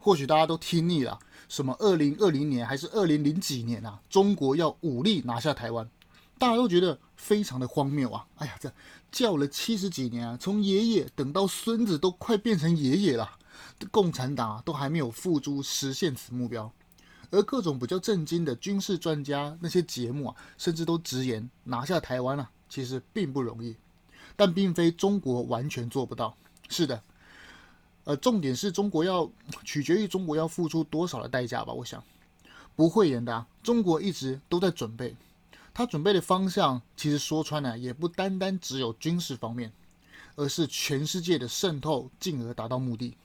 或許大家都聽膩了，什麼二零二零年還是二零零幾年啊？中國要武力拿下台灣，大家都覺得非常的荒謬啊！哎呀，這叫了七十幾年，啊，從爺爺等到孫子都快變成爺爺了，共產黨、啊、都還沒有付諸實現此目標。而各種比較震驚的軍事專家那些節目啊，甚至都直言，拿下台灣啊，其實並不容易，但並非中國完全做不到。是的。呃，重點是中國要取決於中國要付出多少的代價吧？我想不會嚴的、啊。中國一直都在準備，他準備的方向其實說穿了、啊、也不單單只有軍事方面，而是全世界的滲透，進而達到目的。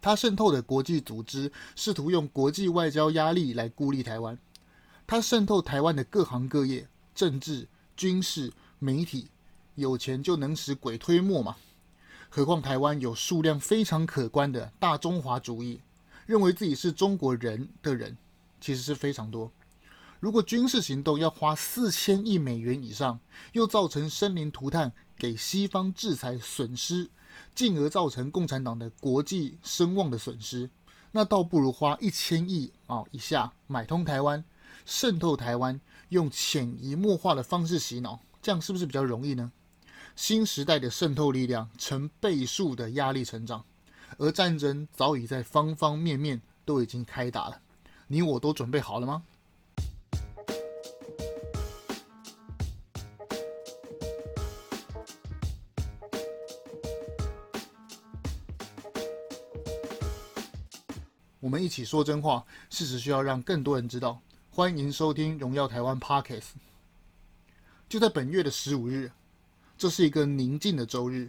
他滲透的國際組織，試圖用國際外交壓力來孤立台灣；他滲透台灣的各行各業，政治、軍事、媒體，有錢就能使鬼推磨嘛。何況台灣有數量非常可觀的大中華主義，認為自己是中國人的人，其實是非常多。如果軍事行動要花四千億美元以上，又造成生靈塗炭，給西方制裁損失，進而造成共產黨的國際聲望的損失，那倒不如花一千億啊、哦、以下買通台灣，滲透台灣，用潛移默化的方式洗腦，這樣是不是比較容易呢？新時代的滲透力量成倍數的壓力成長，而戰爭早已在方方面面都已經開打了。你我都準備好了嗎？ 我們一起說真話，事實需要讓更多人知道。歡迎收聽《榮耀台灣》Podcast。就在本月的十五日。這是一個寧靜的周日，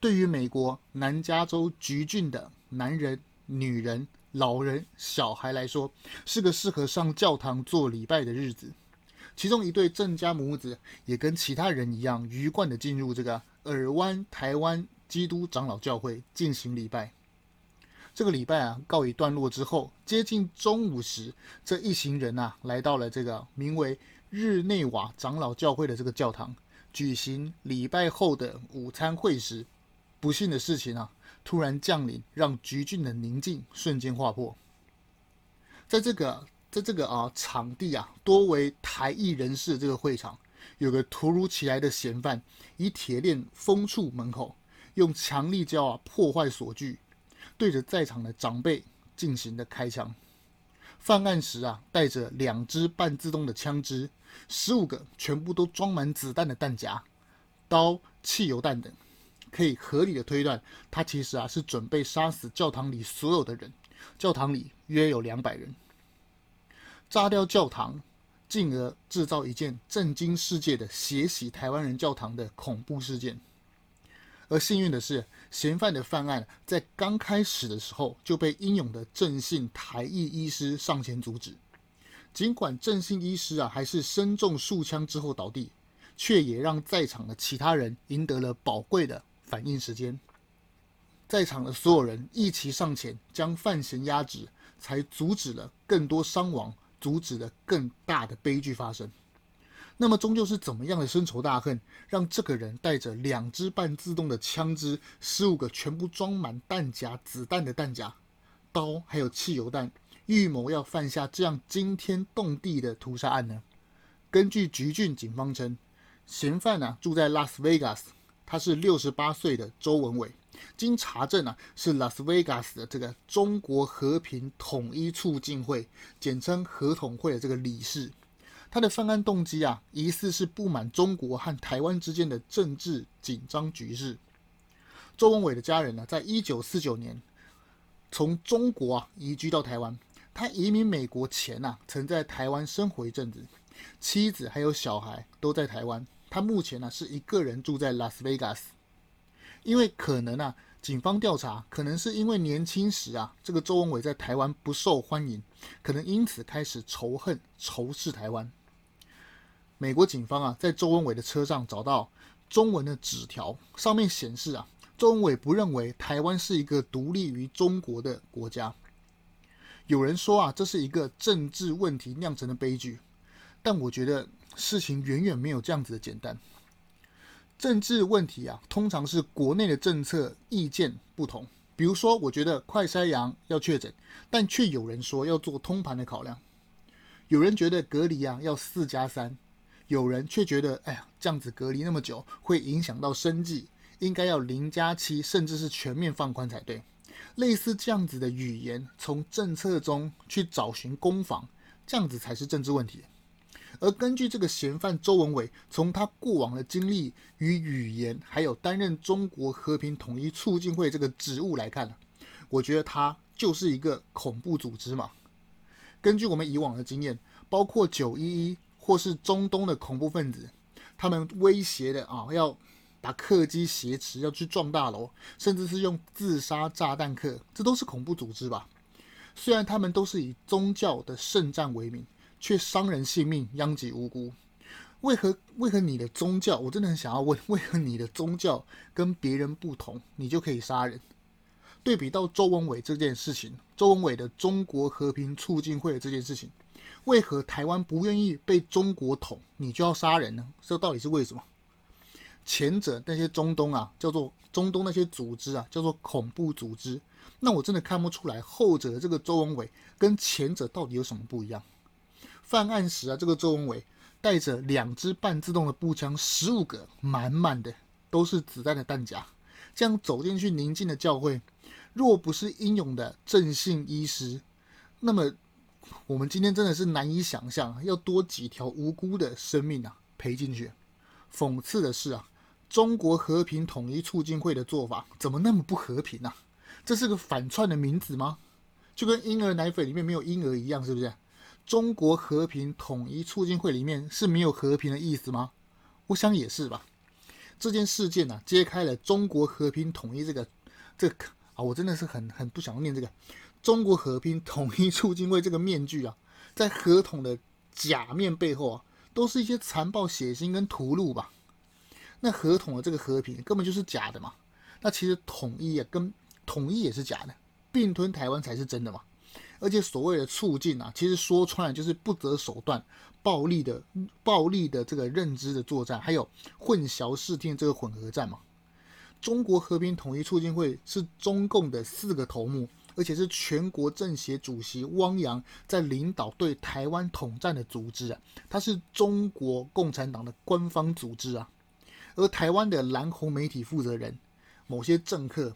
對於美國南加州橘郡的男人、女人、老人、小孩來說，是個適合上教堂做禮拜的日子。其中一對鄭家母子也跟其他人一樣，愉快的進入這個爾灣台灣基督長老教會進行禮拜。這個禮拜啊，告一段落之後，接近中午時，這一行人啊，來到了這個名為日內瓦長老教會的這個教堂。舉行禮拜後的午餐會時，不幸的事情啊突然降臨，讓橘郡的寧靜瞬間劃破。在這個在這個啊場地啊多為台裔人士的這個會場，有個突如其來的嫌犯，以鐵鏈封住門口，用強力膠啊破壞鎖具，對着在場的長輩進行的開槍。犯案時啊帶着兩支半自動的槍支。十五個全部都裝滿子彈的彈夾、刀、汽油彈等，可以合理的推斷，他其實啊是準備殺死教堂裡所有的人。教堂裡約有兩百人，炸掉教堂，進而制造一件震驚世界的血洗台灣人教堂的恐怖事件。而幸運的是，嫌犯的犯案在剛開始的時候就被英勇的鄭姓台裔醫師上前阻止。儘管鄭信醫師啊，還是身中數槍之後倒地，卻也讓在場的其他人贏得了寶貴的反應時間。在場的所有人一齊上前將犯嫌壓制，才阻止了更多傷亡，阻止了更大的悲劇發生。那麼，終究是怎麼樣的深仇大恨，讓這個人帶着兩支半自動的槍支、十五個全部裝滿彈夾子彈的彈夾、刀還有汽油彈？預謀要犯下這樣驚天動地的屠殺案呢？根據橘郡警方稱，嫌犯呢、啊、住在拉斯維加斯，他是六十八歲的周文偉。經查證啊，是拉斯維加斯的這個中國和平統一促進會，簡稱“和統會”的這個理事。他的犯案動機啊，疑似是不滿中國和台灣之間的政治緊張局勢。周文偉的家人呢、啊，在一九四九年從中國啊移居到台灣。他移民美國前啊，曾在台灣生活一陣子，妻子還有小孩都在台灣。他目前呢、啊、是一個人住在拉斯維加斯，因為可能啊，警方調查，可能是因為年輕時啊，這個周文偉在台灣不受歡迎，可能因此開始仇恨、仇視台灣。美國警方啊，在周文偉的車上找到中文的紙條，上面顯示啊，周文偉不認為台灣是一個獨立於中國的國家。有人說啊，這是一個政治問題釀成的悲劇，但我覺得事情遠遠沒有這樣子的簡單。政治問題啊，通常是國內的政策意見不同。比如說，我覺得快篩陽要確診，但卻有人說要做通盤的考量。有人覺得隔離啊要四加三，有人卻覺得，哎呀，這樣子隔離那麼久會影響到生計，應該要零加七，甚至是全面放寬才對。類似這樣子的語言，從政策中去找尋攻防，這樣子才是政治問題。而根據這個嫌犯周文偉，從他過往的經歷與語言，還有擔任中國和平統一促進會這個職務來看，我覺得他就是一個恐怖組織嘛。根據我們以往的經驗，包括九一一或是中東的恐怖分子，他們威脅的啊要。把客機挾持要去撞大樓，甚至是用自殺炸彈客，這都是恐怖組織吧？雖然他們都是以宗教的聖戰為名，卻傷人性命，殃及無辜。為何？為何你的宗教，我真的很想要問，為何你的宗教跟別人不同，你就可以殺人？對比到周文偉這件事情，周文偉的中國和平促進會的這件事情，為何台灣不願意被中國統？你就要殺人呢？這到底是為什麼？前者那些中東啊，叫做中東那些組織啊，叫做恐怖組織。那我真的看不出來，後者的這個周文偉跟前者到底有什麼不一樣？犯案時啊，這個周文偉帶着兩支半自動的步槍，十五個滿滿的都是子彈的彈夾，這樣走進去寧靜的教會。若不是英勇的正信醫師，那麼我們今天真的是難以想象，要多幾條無辜的生命啊賠進去。諷刺的是啊。中國和平統一促進會的做法怎麼那麼不和平呢，啊？這是個反串的名字嗎？就跟嬰兒奶粉裡面沒有嬰兒一樣，是不是？中國和平統一促進會裡面是沒有和平的意思嗎？我想也是吧。這件事件呢，啊，揭開了中國和平統一這個這個啊，我真的是很很不想念這個中國和平統一促進會這個面具啊，在和統的假面背後啊，都是一些殘暴血腥跟屠戮吧。那和統的這個和平根本就是假的嘛。那其實統一啊，跟統一也是假的，併吞台灣才是真的嘛！而且所謂的促進啊，其實說穿了就是不擇手段，暴力的、暴力的這個認知的作戰，還有混淆視聽這個混合戰嘛！中國和平統一促進會是中共的四個頭目，而且是全國政協主席汪洋在領導對台灣統戰的組織啊，它是中國共產黨的官方組織啊！而台灣的藍紅媒體負責人，某些政客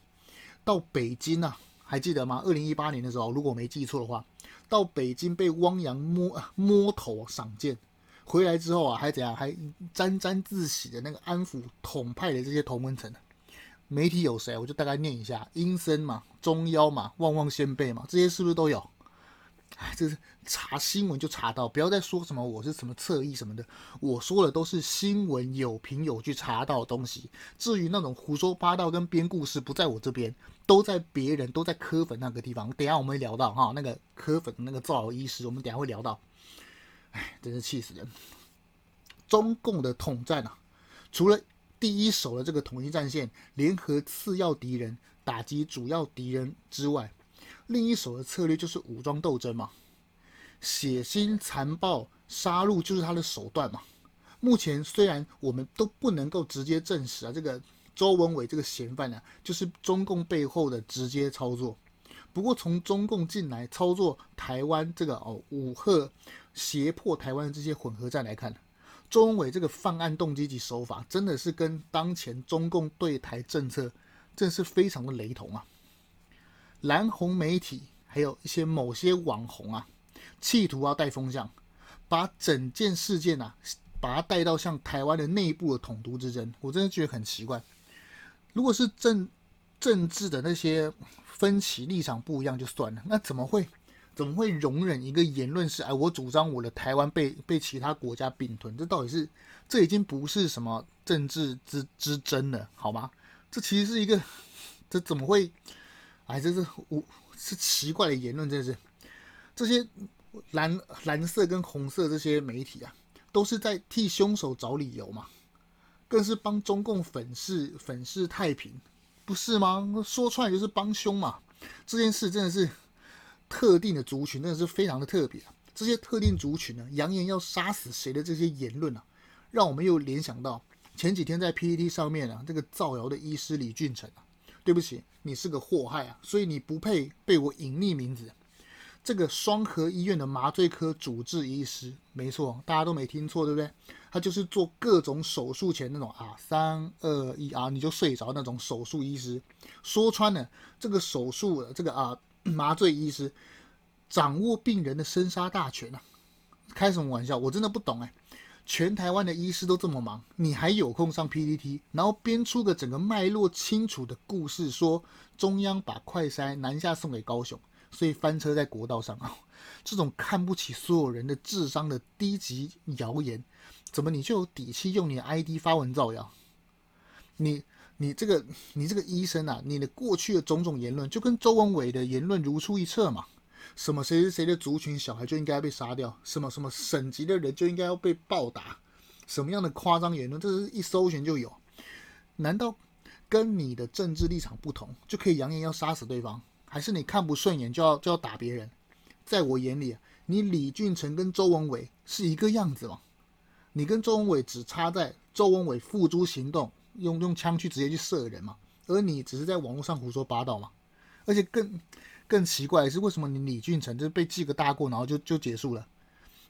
到北京啊，還記得嗎？二零一八年的時候，如果沒記錯的話，到北京被汪洋摸摸頭賞劍，回來之後啊，還怎樣，還沾沾自喜的那個安撫統派的這些同溫層媒體有誰，我就大概念一下：陰森嘛，中央嘛，旺旺仙貝嘛，這些是不是都有？哎，這是查新聞就查到，不要再說什麼我是什麼側翼什麼的，我說的都是新聞有憑有據查到的東西。至於那種胡說八道跟編故事，不在我這邊，都在別人，都在科粉那個地方。等一下我們會聊到哈，那個科粉那個造謠醫師，我們等一下會聊到。哎，真是氣死人！中共的統戰啊，除了第一手的這個統一戰線，聯合次要敵人打擊主要敵人之外。另一手的策略就是武裝鬥爭嘛，血腥、殘暴、殺戮就是他的手段嘛。目前雖然我們都不能夠直接證實啊，這個周文偉這個嫌犯呢、啊，就是中共背後的直接操作。不過從中共近來操作台灣這個哦武嚇脅迫台灣的這些混合戰來看，周文偉這個犯案動機及手法，真的是跟當前中共對台政策，真的是非常的雷同啊。藍紅媒體還有一些某些網紅啊，企圖要帶風向，把整件事件吶、啊，把它帶到像台灣的內部的統獨之爭，我真的覺得很奇怪。如果是政政治的那些分歧立場不一樣就算了，那怎麼會怎麼會容忍一個言論是哎，我主張我的台灣被被其他國家併吞？這到底是這已經不是什麼政治之之爭了，好嗎？這其實是一個，這怎麼會？哎，這是我是奇怪的言論，真的是這些藍藍色跟紅色這些媒體啊，都是在替兇手找理由嘛，更是幫中共粉飾粉飾太平，不是嗎？說出來就是幫兇嘛。這件事真的是特定的族群，真的是非常的特別啊。這些特定族群呢啊，揚言要殺死誰的這些言論啊，讓我們又聯想到前幾天在 PTT 上面啊，這個造謠的醫師李俊成啊。對不起，你是個禍害啊，所以你不配被我隱匿名字。這個雙和醫院的麻醉科主治醫師，沒錯，大家都沒聽錯，對不對？他就是做各種手術前那種啊，三二一啊，你就睡着那種手術醫師。說穿了，這個手術，這個啊，麻醉醫師掌握病人的生殺大權啊。開什麼玩笑？我真的不懂哎、欸。全台灣的醫師都這麼忙，你還有空上 PTT，然後編出個整個脈絡清楚的故事，說中央把快篩南下送給高雄，所以翻車在國道上啊！這種看不起所有人的智商的低級謠言，怎麼你就有底氣用你 ID 發文造謠？你你這個你這個醫生啊，你的過去的種種言論，就跟周文偉的言論如出一轍嘛。什麼誰誰誰的族群小孩就應該被殺掉？什麼什麼省級的人就應該要被暴打？什麼樣的誇張言論？這是一搜尋就有。難道跟你的政治立場不同就可以揚言要殺死對方？還是你看不順眼就要就要打別人？在我眼裡，你李俊成跟周文偉是一個樣子嗎？你跟周文偉只差在周文偉付諸行動，用用槍去直接去射人嗎，而你只是在網絡上胡說八道嗎，而且更。更奇怪的是為什麼你李俊成就是被記個大過，然後就就結束了。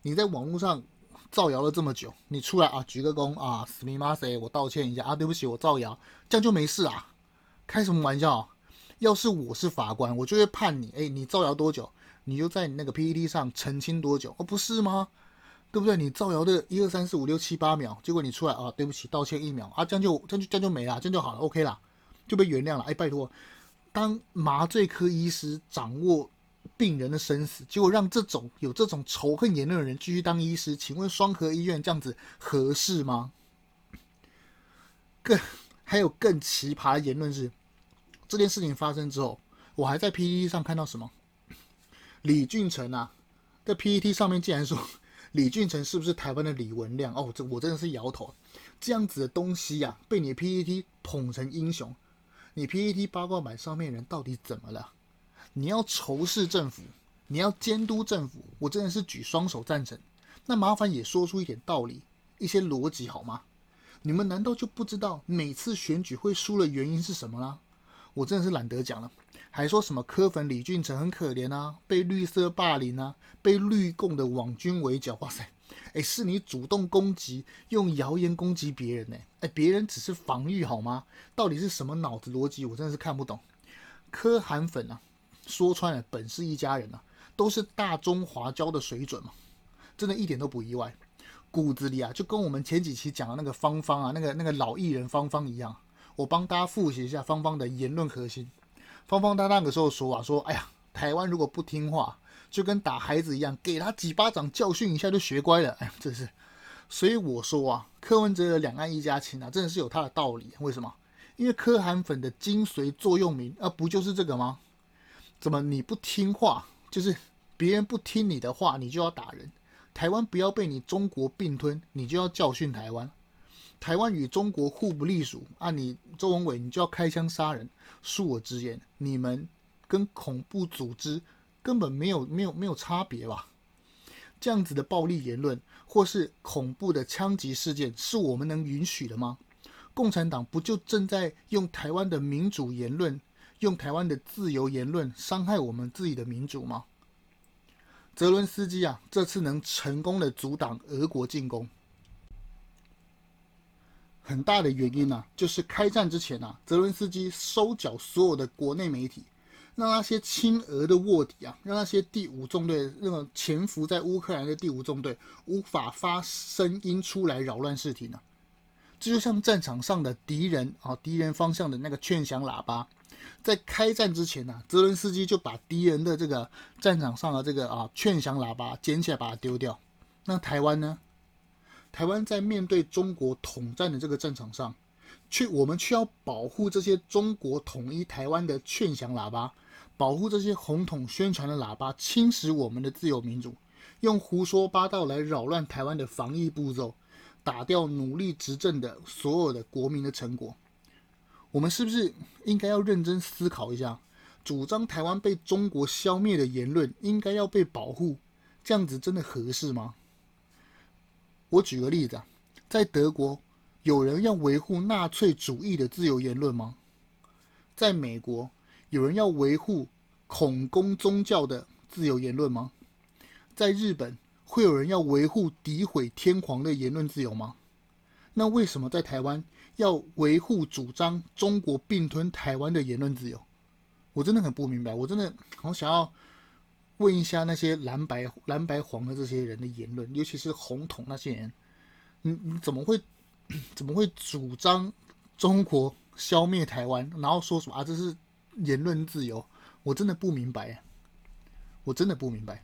你在網絡上造謠了這麼久，你出來啊，鞠個躬啊，私密馬賽，我道歉一下啊，對不起，我造謠，這樣就沒事啊？開什麼玩笑，啊？要是我是法官，我就會判你，哎。你造謠多久，你就在你那個 PPT 上澄清多久，啊，哦，不是嗎？對不對？你造謠的一二三四五六七八秒，結果你出來啊，對不起，道歉一秒，啊，這樣就這樣就這樣就沒了，這樣就好了，OK 了，就被原諒了，哎，拜託。當麻醉科醫師掌握病人的生死，結果讓這種有這種仇恨言論的人繼續當醫師，請問雙和醫院這樣子合適嗎？更，還有更奇葩的言論是，這件事情發生之後，我還在 PTT 上看到什麼？李俊成啊，在 PTT 上面竟然說李俊成是不是台灣的李文亮？哦，這我真的是搖頭。這樣子的東西呀、啊，被你 PTT 捧成英雄。你 PTT 八卦版上面人到底怎麼了？你要仇視政府，你要監督政府，我真的是舉雙手贊成。那麻煩也說出一點道理，一些邏輯好嗎？你們難道就不知道每次選舉會輸的原因是什麼啦？我真的是懶得講了，還說什麼柯粉李俊成很可憐啊，被綠色霸凌啊，被綠共的網軍圍剿，哇塞！哎，是你主動攻擊，用謠言攻擊別人呢？哎，別人只是防禦，好嗎？到底是什麼腦子邏輯，我真的是看不懂。柯韓粉啊，說穿了本是一家人吶、啊，都是大中華膠的水準嘛，真的一點都不意外。骨子裡啊，就跟我們前幾期講的那個方方啊，那個那個老藝人方方一樣。我幫大家複習一下方方的言論核心。方方她那個時候說啊，說哎呀，台灣如果不聽話。就跟打孩子一樣，給他幾巴掌，教訓一下就學乖了。哎，真是，所以我說啊，柯文哲的兩岸一家親啊，真的是有他的道理。為什麼？因為柯韓粉的精髓座右銘啊，不就是這個嗎？怎麼你不聽話，就是別人不聽你的話，你就要打人？台灣不要被你中國併吞，你就要教訓台灣。台灣與中國互不隸屬啊，你周文偉，你就要開槍殺人。恕我直言，你們跟恐怖組織。根本沒有沒有沒有差別吧？這樣子的暴力言論或是恐怖的槍擊事件，是我們能允許的嗎？共產黨不就正在用台灣的民主言論、用台灣的自由言論，傷害我們自己的民主嗎？澤倫斯基啊，這次能成功的阻擋俄國進攻，很大的原因啊，就是開戰之前啊，澤倫斯基收繳所有的國內媒體，讓那，那些親俄的臥底啊，讓那些第五縱隊那種潛伏在烏克蘭的第五縱隊無法發聲音出來擾亂視聽呢？這就像戰場上的敵人啊，敵人方向的那個勸降喇叭。在開戰之前呢、啊，澤倫斯基就把敵人的這個戰場上的這個啊勸降喇叭撿起來，把它丟掉。那台灣呢？台灣在面對中國統戰的這個戰場上去，我們卻要保護這些中國統一台灣的勸降喇叭。保護這些紅統宣傳的喇叭，侵蝕我們的自由民主，用胡說八道來擾亂台灣的防疫步驟，打掉努力執政的所有的國民的成果。我們是不是應該要認真思考一下，主張台灣被中國消滅的言論應該要被保護，這樣子真的合適嗎？我舉個例子啊，在德國，有人要維護納粹主義的自由言論嗎？在美國，有人要維護恐攻宗教的自由言論嗎？在日本會有人要維護詆毀天皇的言論自由嗎？那為什麼在台灣要維護主張中國併吞台灣的言論自由？我真的很不明白，我真的好想要問一下那些藍白藍白黃的這些人的言論，尤其是紅統那些人，你你怎麼會怎麼會主張中國消滅台灣，然後說什麼啊，這是？言論自由，我真的不明白。我真的不明白，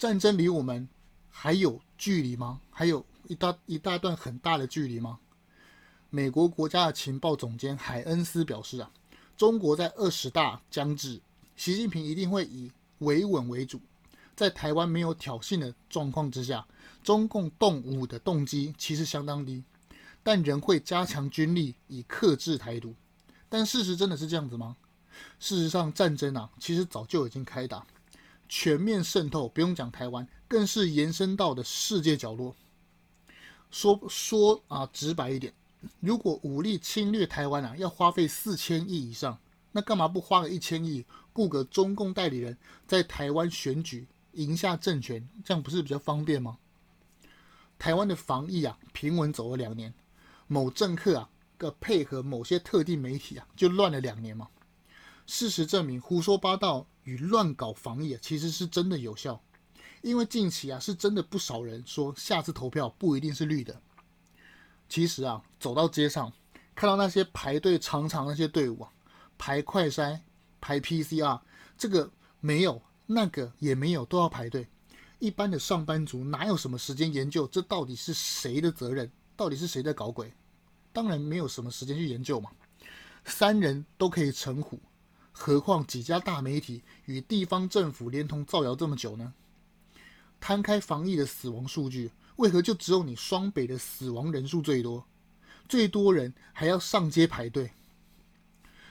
戰爭離我們還有距離嗎？還有一大一大段很大的距離嗎？美國國家的情報總監海恩斯表示啊，中國在二十大將至，習近平一定會以維穩為主，在台灣沒有挑釁的狀況之下，中共動武的動機其實相當低，但仍會加強軍力以克制台獨。但事實真的是這樣子嗎？事實上，戰爭啊，其實早就已經開打，全面滲透，不用講台灣，更是延伸到的世界角落。說說啊，直白一點，如果武力侵略台灣啊，要花費四千億以上，那幹嘛不花個一千億，雇個中共代理人，在台灣選舉贏下政權，這樣不是比較方便嗎？台灣的防疫啊，平穩走了兩年，某政客啊。個配合某些特定媒體啊，就亂了兩年嘛。事實證明，胡說八道與亂搞防疫啊，其實是真的有效。因為近期啊，是真的不少人說下次投票不一定是綠的。其實啊，走到街上看到那些排隊長長那些隊伍啊，排快篩、排 PCR，這個沒有，那個也沒有，都要排隊。一般的上班族哪有什麼時間研究這到底是誰的責任？到底是誰在搞鬼？當然沒有什麼時間去研究嘛，三人都可以成虎，何況幾家大媒體與地方政府連同造謠這麼久呢？攤開防疫的死亡數據，為何就只有你雙北的死亡人數最多？最多人還要上街排隊。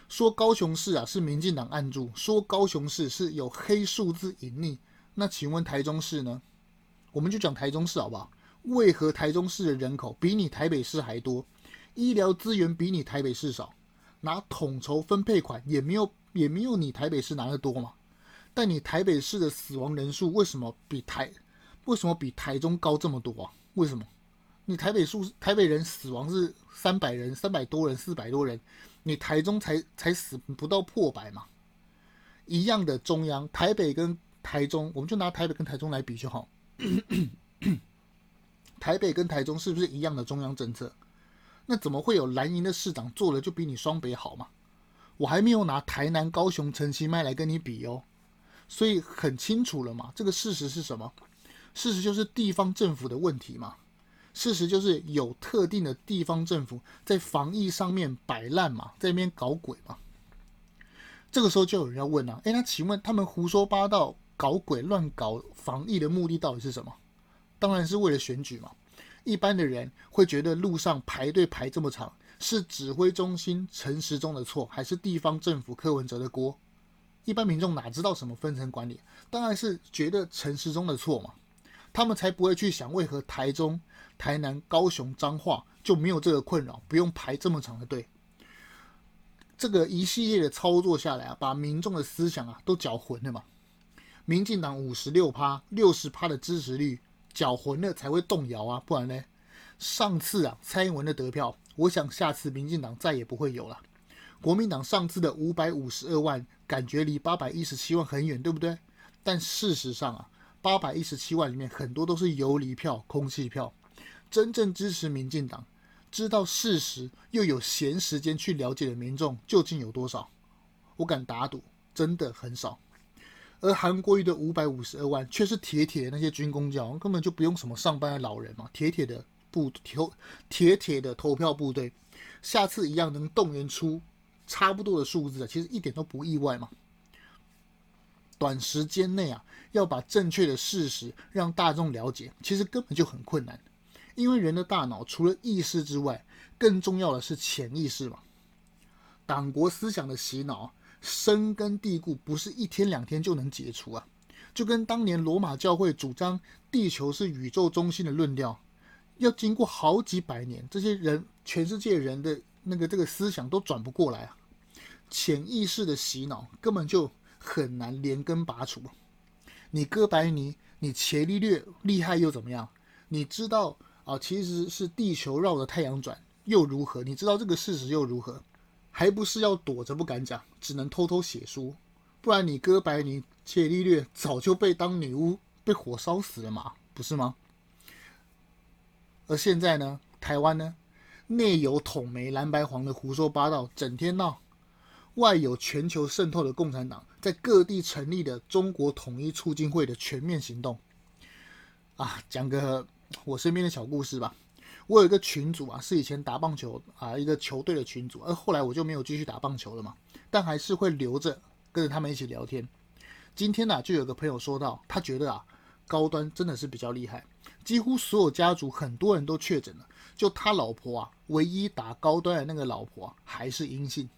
說高雄市啊是民進黨按住，說高雄市是有黑數字隱匿，那請問台中市呢？我們就講台中市好不好？為何台中市的人口比你台北市還多？醫療資源比你台北市少，拿統籌分配款也沒有也沒有你台北市拿得多嘛？但你台北市的死亡人數為什麼比台為什麼比台中高這麼多啊？為什麼？你台北數台北人死亡是三百人三百多人四百多人，你台中才才死不到破百嘛？一樣的中央台北跟台中，我們就拿台北跟台中來比就好。 台北跟台中是不是一樣的中央政策？那怎麼會有藍營的市長做的就比你雙北好嘛？我還沒有拿台南、高雄、陳其邁來跟你比哦，所以很清楚了嘛。這個事實是什麼？事實就是地方政府的問題嘛。事實就是有特定的地方政府在防疫上面擺爛嘛，在那邊搞鬼嘛。這個時候就有人要問了、啊，哎，那請問他們胡說八道、搞鬼、亂搞防疫的目的到底是什麼？當然是為了選舉嘛。一般的人會覺得路上排隊排這麼長，是指揮中心陳時中的錯，還是地方政府柯文哲的鍋？一般民眾哪知道什麼分層管理？當然是覺得陳時中的錯嘛。他們才不會去想為何台中、台南、高雄、彰化就沒有這個困擾，不用排這麼長的隊。這個一系列的操作下來啊，把民眾的思想啊都攪混了嘛。民進黨五十六趴、六十趴的支持率。攪渾了才會動搖啊，不然呢？上次啊，蔡英文的得票，我想下次民進黨再也不會有了。國民黨上次的五百五十二萬，感覺離八百一十七萬很遠，對不對？但事實上啊，八百一十七萬裡面很多都是游離票、空氣票。真正支持民進黨、知道事實又有閒時間去了解的民眾究竟有多少？我敢打賭，真的很少。而韓國瑜的五百五十二萬卻是鐵鐵的那些軍公教，根本就不用什麼上班的老人嘛，鐵鐵的部投鐵鐵的投票部隊，下次一樣能動員出差不多的數字，其實一點都不意外嘛。短時間內啊，要把正確的事實讓大眾了解，其實根本就很困難，因為人的大腦除了意識之外，更重要的是潛意識嘛，黨國思想的洗腦。根深蒂固，不是一天兩天就能解除啊！就跟當年羅馬教會主張地球是宇宙中心的論調，要經過好幾百年，這些人，全世界人的那個這個思想都轉不過來啊！潛意識的洗腦根本就很難連根拔除。你哥白尼，你伽利略厲害又怎麼樣？你知道啊，其實是地球繞着太陽轉又如何？你知道這個事實又如何？還不是要躲着不敢講，只能偷偷寫書，不然你哥白尼、伽利略早就被當女巫被火燒死了嘛，不是嗎？而現在呢，台灣呢，內有統媒藍白黃的胡說八道，整天鬧；外有全球滲透的共產黨，在各地成立的中國統一促進會的全面行動。啊，講個我身邊的小故事吧。我有一個群主啊，是以前打棒球啊一個球隊的群主，而後來我就沒有繼續打棒球了嘛，但還是會留着跟着他們一起聊天。今天呢、啊，就有個朋友說到，他覺得啊，高端真的是比較厲害，幾乎所有家族很多人都確診了，就他老婆啊，唯一打高端的那個老婆啊，還是陰性。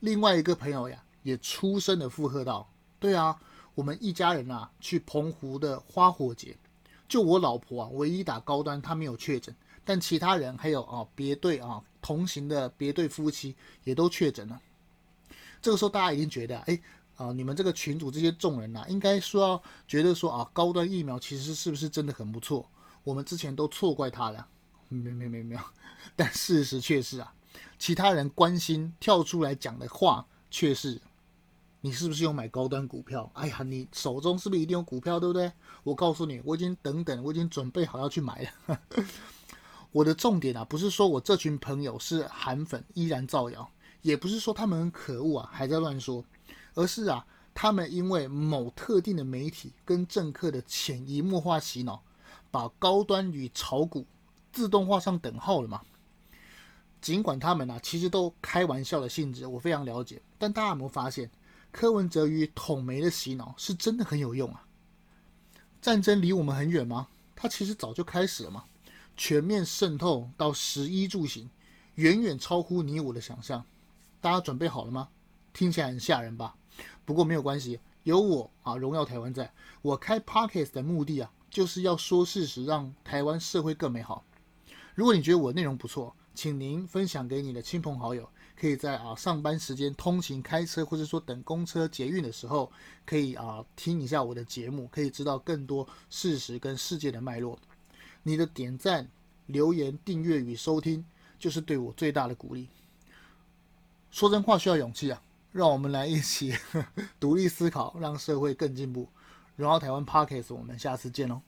另外一個朋友呀、啊，也出聲的附和道：“對啊，我們一家人啊，去澎湖的花火節，就我老婆啊，唯一打高端，她沒有確診。”但其他人還有啊，別對啊，同行的別對夫妻也都確診了。這個時候大家已經覺得，哎、欸，啊、呃，你們這個群組這些眾人吶、啊，應該說要覺得說啊，高端疫苗其實是不是真的很不錯？我們之前都錯怪他了沒，沒有沒有沒有。但事實卻是啊，其他人關心跳出來講的話，卻是你是不是有買高端股票？哎呀，你手中是不是一定有股票，對不對？我告訴你，我已經等等，我已經準備好要去買了。 我的重點啊，不是說我這群朋友是韓粉依然造謠，也不是說他們很可惡啊，還在亂說，而是啊，他們因為某特定的媒體跟政客的潛移默化洗腦，把高端與炒股自動畫上等號了嘛。儘管他們啊，其實都開玩笑的性質，我非常了解，但大家有沒有發現柯文哲與統媒的洗腦是真的很有用啊？戰爭離我們很遠嗎？它其實早就開始了嘛。全面滲透到食衣住行，遠遠超乎你我的想象。大家準備好了嗎？聽起來很嚇人吧？不過沒有關係，有我啊，榮耀台灣在。我開 Podcast 的目的啊，就是要說事實，讓台灣社會更美好。如果你覺得我內容不錯，請您分享給你的親朋好友。可以在啊上班時間通勤開車，或者說等公車、捷運的時候，可以啊聽一下我的節目，可以知道更多事實跟世界的脈絡。你的點讚、留言、訂閱與收聽，就是對我最大的鼓勵。說真話需要勇氣啊！讓我們來一起呵呵獨立思考，讓社會更進步。榮耀台灣 Podcast，我們下次見哦！